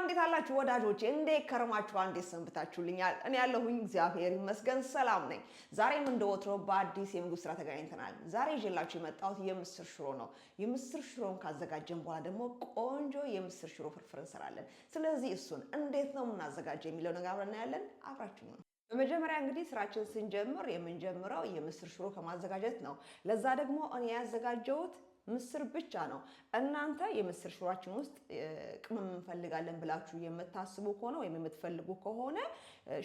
ሰላም እንዴት አላችሁ ወዳጆቼ? እንዴት ከረማችሁ? እንዴት ሰንብታችሁልኛል? እኔ ያለሁኝ እግዚአብሔር ይመስገን ሰላም ነኝ። ዛሬም እንደወትሮ በአዲስ የምግብ ስራ ተገናኝተናል። ዛሬ ይዤላችሁ የመጣሁት የምስር ሽሮ ነው። የምስር ሽሮን ካዘጋጀን በኋላ ደግሞ ቆንጆ የምስር ሽሮ ፍርፍር እንሰራለን። ስለዚህ እሱን እንዴት ነው የምናዘጋጀው የሚለው ነገር አብረን እናያለን። አብራችሁ ነው በመጀመሪያ እንግዲህ ስራችን ስንጀምር የምንጀምረው የምስር ሽሮ ከማዘጋጀት ነው። ለዛ ደግሞ እኔ ያዘጋጀሁት ምስር ብቻ ነው። እናንተ የምስር ሽሯችን ውስጥ ቅመም እንፈልጋለን ብላችሁ የምታስቡ ከሆነ ወይም የምትፈልጉ ከሆነ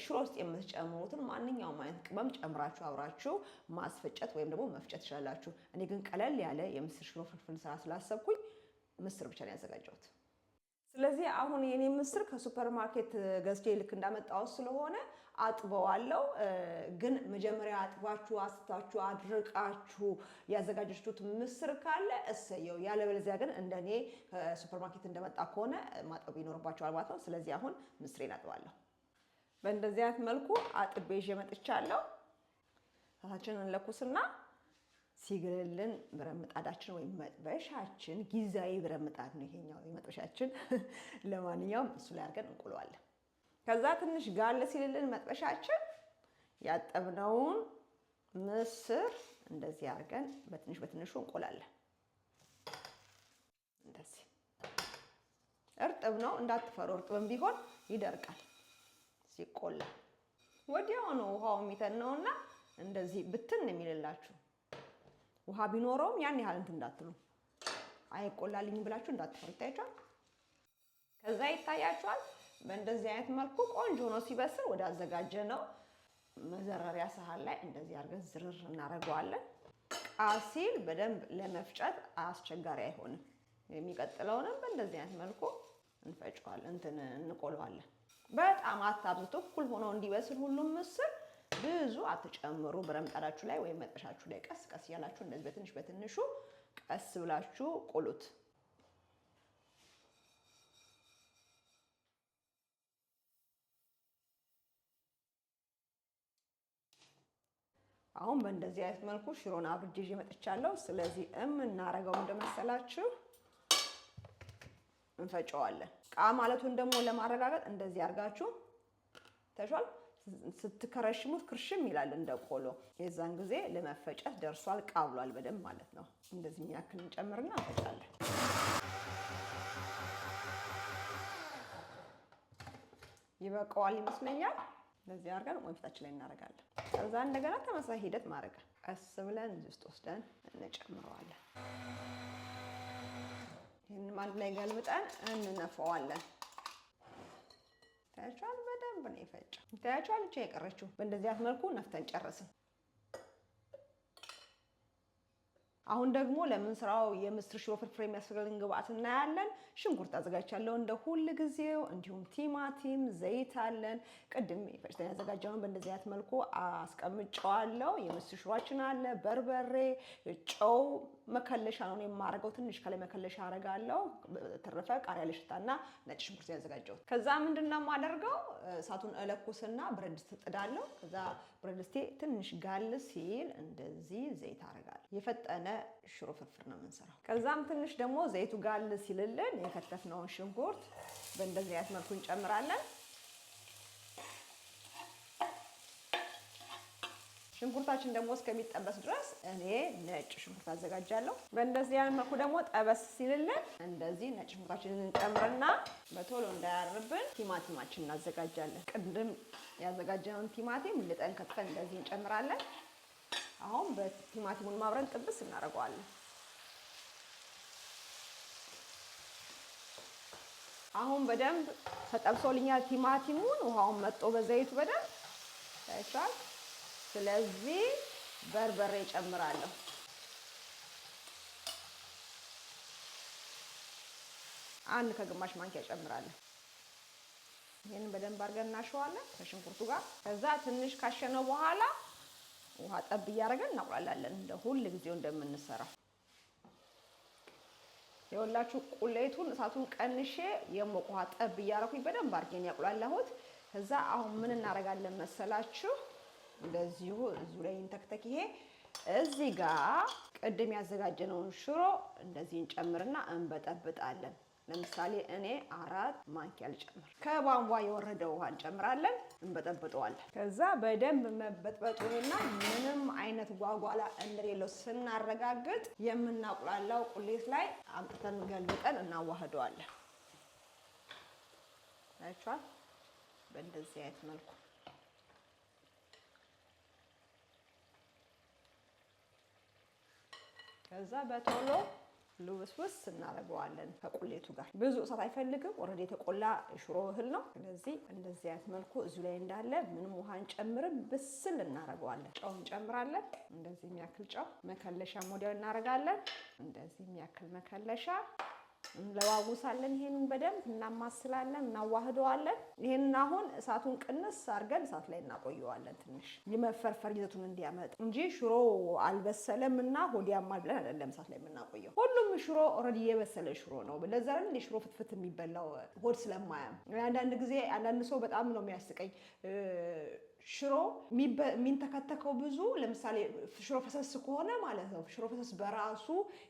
ሽሮ ውስጥ የምትጨምሩትን ማንኛውም አይነት ቅመም ጨምራችሁ አብራችሁ ማስፈጨት ወይም ደግሞ መፍጨት ትችላላችሁ። እኔ ግን ቀለል ያለ የምስር ሽሮ ፍልፍል ስራ ስላሰብኩኝ ምስር ብቻ ነው ያዘጋጀሁት። ስለዚህ አሁን የኔ ምስር ከሱፐርማርኬት ገዝቼ ልክ እንዳመጣሁት ስለሆነ አጥበዋለሁ። ግን መጀመሪያ አጥባችሁ አስታችሁ አድርቃችሁ ያዘጋጀችሁት ምስር ካለ እሰየው፣ ያለበለዚያ ግን እንደኔ እንደመጣ ከሆነ ማጠብ ይኖርባቸዋል ማለት ነው። ስለዚህ አሁን ምስሬን አጥባለሁ። በእንደዚህ አይነት መልኩ አጥቤ ይዤ መጥቻለሁ። እሳታችንን እንለኩስና ሲግልልን ብረት ምጣዳችን ወይም መጥበሻችን ጊዜያዊ ብረት ምጣድ ነው ይሄኛው መጥበሻችን። ለማንኛውም እሱ ላይ አድርገን እንቁለዋለን። ከዛ ትንሽ ጋለ ሲልልን መጥበሻችን ያጠብነውን ምስር እንደዚህ አድርገን በትንሽ በትንሹ እንቆላለን። እንደዚህ እርጥብ ነው እንዳትፈሩ፣ እርጥብም ቢሆን ይደርቃል ሲቆላ። ወዲያው ነው ውሃው የሚተነውና እንደዚህ ብትን የሚልላችሁ ውሃ ቢኖረውም ያን ያህል እንትን እንዳትሉ፣ አይቆላልኝ ብላችሁ እንዳትፈሩ። ይታያችኋል። ከዛ ይታያችኋል በእንደዚህ አይነት መልኩ ቆንጆ ሆኖ ሲበስል ወደ አዘጋጀ ነው መዘረሪያ ሳህን ላይ እንደዚህ አድርገን ዝርር እናደርገዋለን። ቃሲል በደንብ ለመፍጨት አስቸጋሪ አይሆንም። የሚቀጥለውንም በእንደዚህ አይነት መልኩ እንፈጨዋለን፣ እንትን እንቆለዋለን። በጣም አታብዝቶ እኩል ሆኖ እንዲበስል ሁሉም ምስር ብዙ አትጨምሩ። ብረምጣዳችሁ ላይ ወይም መጠሻችሁ ላይ ቀስ ቀስ እያላችሁ እንደዚህ በትንሽ በትንሹ ቀስ ብላችሁ ቁሉት። አሁን በእንደዚህ አይነት መልኩ ሽሮን አብርጄ ይዤ መጥቻለሁ። ስለዚህ እምናረገው እንደመሰላችሁ እንፈጨዋለን። ቃ ማለቱን ደግሞ ለማረጋገጥ እንደዚህ አድርጋችሁ ተሻል ስትከረሽሙት ክርሽም ይላል እንደ ቆሎ። የዛን ጊዜ ለመፈጨት ደርሷል፣ ቃ ብሏል በደንብ ማለት ነው። እንደዚህ የሚያክል እንጨምርና እንፈጫለን። ይበቀዋል ይመስለኛል። እንደዚህ አድርገን ወንፊታችን ላይ እናደርጋለን። ከዛ እንደገና ተመሳሳይ ሂደት ማድረግ ቀስ ብለን እዚህ ውስጥ ወስደን እንጨምረዋለን። ይህንም አንድ ላይ ገልብጠን እንነፈዋለን። ታያችኋል። በደንብ ነው የፈጨው። ታያችኋል። ብቻ የቀረችው በእንደዚህ አይነት መልኩ ነፍተን ጨረስን። አሁን ደግሞ ለምን ስራው የምስር ሽሮ ፍርፍር የሚያስፈልገን ግብአት እናያለን። ሽንኩርት አዘጋጅቻለሁ እንደ ሁል ጊዜው፣ እንዲሁም ቲማቲም፣ ዘይት አለን። ቅድም ፈጭተን ያዘጋጀነውን በእንደዚህ አይነት መልኩ አስቀምጨዋለሁ። የምስር ሽሯችን አለ፣ በርበሬ፣ ጨው፣ መከለሻ ነው የማረገው። ትንሽ ከላይ መከለሻ አረጋለሁ። በተረፈ ቃሪያ ለሽታና ነጭ ሽንኩርት ያዘጋጀሁት። ከዛ ምንድነው ነው የማደርገው እሳቱን እለኩስና ብረት ድስት እጥዳለሁ። ከዛ ብረድስቴ ትንሽ ጋል ሲል እንደዚህ ዘይት አደርጋለሁ። የፈጠነ ሽሮ ፍርፍር ነው የምንሰራው። ከዛም ትንሽ ደግሞ ዘይቱ ጋል ሲልልን የከተፍነውን ሽንኩርት በእንደዚህ አይነት መልኩ እንጨምራለን። ሽንኩርታችን ደግሞ እስከሚጠበስ ድረስ እኔ ነጭ ሽንኩርት አዘጋጃለሁ። በእንደዚህ ያን መልኩ ደግሞ ጠበስ ሲልልን እንደዚህ ነጭ ሽንኩርታችንን እንጨምርና በቶሎ እንዳያርብን ቲማቲማችን እናዘጋጃለን። ቅድም ያዘጋጀነውን ቲማቲም ልጠን ከትፈን እንደዚህ እንጨምራለን። አሁን በቲማቲሙን ማብረን ጥብስ እናደርገዋለን። አሁን በደንብ ተጠብሶልኛል ቲማቲሙን። ውሃውን መጦ በዘይቱ በደንብ ታይቷል። ስለዚህ በርበሬ ጨምራለሁ። አንድ ከግማሽ ማንኪያ ጨምራለሁ። ይህንን በደንብ አድርገን እናሸዋለን ከሽንኩርቱ ጋር። ከዛ ትንሽ ካሸነው በኋላ ውሃ ጠብ እያደረገን እናቁላላለን እንደ ሁል ጊዜው እንደምንሰራው። የወላችሁ ቁሌቱን እሳቱን ቀንሼ የሞቅ ውሃ ጠብ እያደረኩኝ በደንብ አድርጌን ያቁላላሁት። ከዛ አሁን ምን እናደርጋለን መሰላችሁ እንደዚሁ እዚሁ ላይ እንተክተክ። ይሄ እዚህ ጋር ቅድም ያዘጋጀነውን ሽሮ እንደዚህ እንጨምርና እንበጠብጣለን። ለምሳሌ እኔ አራት ማንኪያ ልጨምር። ከቧንቧ የወረደ ውሃ እንጨምራለን፣ እንበጠብጠዋለን። ከዛ በደንብ መበጥበጡንና ምንም አይነት ጓጓላ እንደሌለው ስናረጋግጥ የምናቁላላው ቁሌት ላይ አምጥተን ገልብጠን እናዋህደዋለን። አይቻል በእንደዚህ አይነት መልኩ ከዛ በቶሎ ልውስውስ እናደርገዋለን ከቁሌቱ ጋር። ብዙ እሳት አይፈልግም። ኦልሬዲ የተቆላ ሽሮ እህል ነው። ስለዚህ እንደዚህ አይነት መልኩ እዚሁ ላይ እንዳለ ምንም ውሃ አንጨምርም። ብስል እናደርገዋለን። ጨው እንጨምራለን። እንደዚህ የሚያክል ጨው መከለሻ ሞዲያው እናደርጋለን። እንደዚህ የሚያክል መከለሻ እንለዋውሳለን። ይሄንን በደንብ እናማስላለን፣ እናዋህደዋለን። ይሄንን አሁን እሳቱን ቅንስ አድርገን እሳት ላይ እናቆየዋለን። ትንሽ የመፈርፈር ይዘቱን እንዲያመጥ እንጂ ሽሮ አልበሰለም እና ሆዲያማል ብለን አይደለም እሳት ላይ የምናቆየው። ሁሉም ሽሮ ኦልሬዲ የበሰለ ሽሮ ነው። ለዛ የሽሮ ፍትፍት የሚበላው ሆድ ስለማያም አንዳንድ ጊዜ አንዳንድ ሰው በጣም ነው የሚያስቀኝ ሽሮ የሚንተከተከው ብዙ ለምሳሌ ሽሮ ፈሰስ ከሆነ ማለት ነው። ሽሮ ፈሰስ በራሱ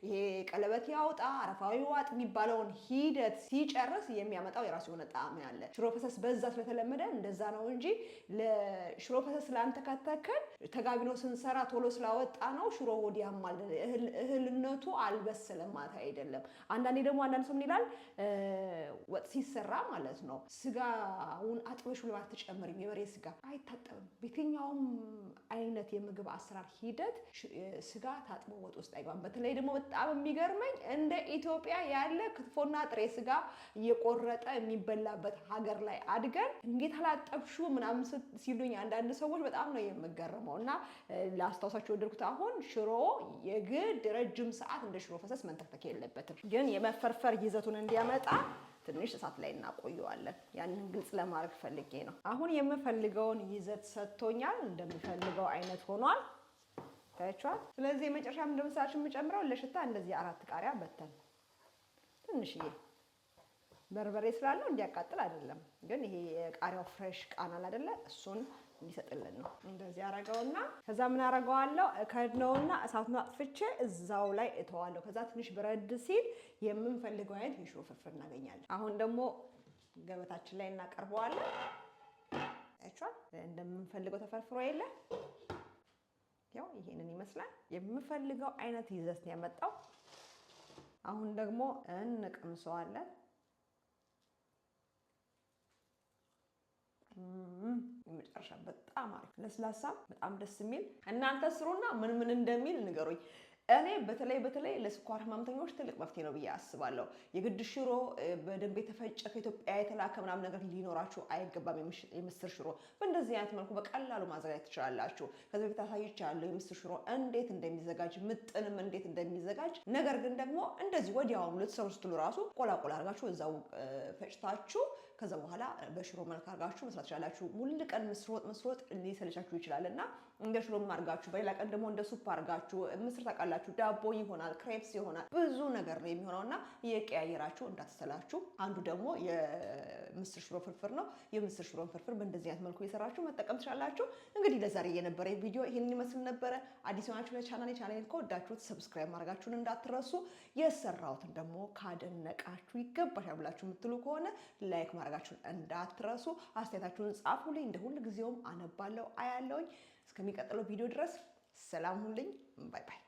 ይሄ ቀለበት ያውጣ አረፋዊ ዋጥ የሚባለውን ሂደት ሲጨርስ የሚያመጣው የራሱ የሆነ ጣዕም ያለ ሽሮ ፈሰስ በዛ ስለተለመደ እንደዛ ነው እንጂ ለሽሮ ፈሰስ ላንተከተከን ተጋቢኖ ስንሰራ ቶሎ ስላወጣ ነው ሽሮ ወዲያም ማለት እህልነቱ አልበሰለም ማለት አይደለም። አንዳንዴ ደግሞ አንዳንድ ሰው ምን ይላል ወጥ ሲሰራ ማለት ነው ስጋውን አጥበሽ ለማለት ተጨምሪ የበሬ ስጋ አይታ አይታጠብም። በየትኛውም አይነት የምግብ አሰራር ሂደት ስጋ ታጥቦ ወጥ ውስጥ አይገባም። በተለይ ደግሞ በጣም የሚገርመኝ እንደ ኢትዮጵያ ያለ ክትፎና ጥሬ ስጋ እየቆረጠ የሚበላበት ሀገር ላይ አድገን እንዴት አላጠብሹ ምናምን ሲሉኝ አንዳንድ ሰዎች በጣም ነው የምገርመው እና ላስታውሳቸው ወደድኩት። አሁን ሽሮ የግድ ረጅም ሰዓት እንደ ሽሮ ፈሰስ መንተክተክ የለበትም፣ ግን የመፈርፈር ይዘቱን እንዲያመጣ ትንሽ እሳት ላይ እናቆየዋለን። ያንን ግልጽ ለማድረግ ፈልጌ ነው። አሁን የምፈልገውን ይዘት ሰጥቶኛል። እንደምፈልገው አይነት ሆኗል። ታያችኋል። ስለዚህ የመጨረሻ እንደምሳችን የምጨምረው ለሽታ እንደዚህ አራት ቃሪያ በተን ትንሽዬ በርበሬ ስላለው እንዲያቃጥል አይደለም፣ ግን ይሄ የቃሪያው ፍሬሽ ቃናል አይደለ እሱን እንዲሰጥልን ነው። እንደዚህ አረገውና ከዛ ምን አረገዋለሁ እከድነውና እሳቱን አጥፍቼ እዛው ላይ እተዋለሁ። ከዛ ትንሽ ብረድ ሲል የምንፈልገው አይነት የሽሮ ፍርፍር እናገኛለን። አሁን ደግሞ ገበታችን ላይ እናቀርበዋለን። አይቻል እንደምንፈልገው ተፈርፍሮ የለ ያው ይሄንን ይመስላል። የምፈልገው አይነት ይዘት ነው ያመጣው። አሁን ደግሞ እንቀምሰዋለን። መጨረሻ በጣም አሪፍ ለስላሳ፣ በጣም ደስ የሚል እናንተ ስሩና ምን ምን እንደሚል ንገሩኝ። እኔ በተለይ በተለይ ለስኳር ህመምተኞች ትልቅ መፍትሄ ነው ብዬ አስባለሁ። የግድ ሽሮ በደንብ የተፈጨ ከኢትዮጵያ የተላከ ምናምን ነገር ሊኖራችሁ አይገባም። የምስር ሽሮ በእንደዚህ አይነት መልኩ በቀላሉ ማዘጋጀት ትችላላችሁ። ከዚህ በፊት አሳይቻለሁ የምስር ሽሮ እንዴት እንደሚዘጋጅ ምጥንም እንዴት እንደሚዘጋጅ። ነገር ግን ደግሞ እንደዚህ ወዲያውኑ ልትሰሩ ስትሉ ራሱ ቆላቆላ አድርጋችሁ እዛው ፈጭታችሁ ከዛ በኋላ በሽሮ መልክ አርጋችሁ መስራት ይችላላችሁ። ሙሉ ቀን ምስር ወጥ ምስር ወጥ ሊሰለቻችሁ ይችላል እና እንደ ሽሮም አድርጋችሁ፣ በሌላ ቀን ደግሞ እንደ ሱፕ አድርጋችሁ ምስር ታውቃላችሁ፣ ዳቦ ይሆናል፣ ክሬፕስ ይሆናል፣ ብዙ ነገር ነው የሚሆነው እና የቀያየራችሁ እንዳትሰላችሁ። አንዱ ደግሞ የምስር ሽሮ ፍርፍር ነው። የምስር ሽሮን ፍርፍር በእንደዚህ አይነት መልኩ የሰራችሁ መጠቀም ትችላላችሁ። እንግዲህ ለዛሬ የነበረ ቪዲዮ ይህን ይመስል ነበረ። አዲስ የሆናችሁ ለቻናል የቻናል ከወዳችሁት ሰብስክራይብ ማድረጋችሁን እንዳትረሱ። የሰራሁትን ደግሞ ካደነቃችሁ ይገባሻል ብላችሁ የምትሉ ከሆነ ላይክ ማድረጋችሁን እንዳትረሱ። አስተያየታችሁን ጻፉልኝ። እንደ ሁል ጊዜውም አነባለሁ፣ አያለውኝ። እስከሚቀጥለው ቪዲዮ ድረስ ሰላም ሁልኝ። ባይ ባይ።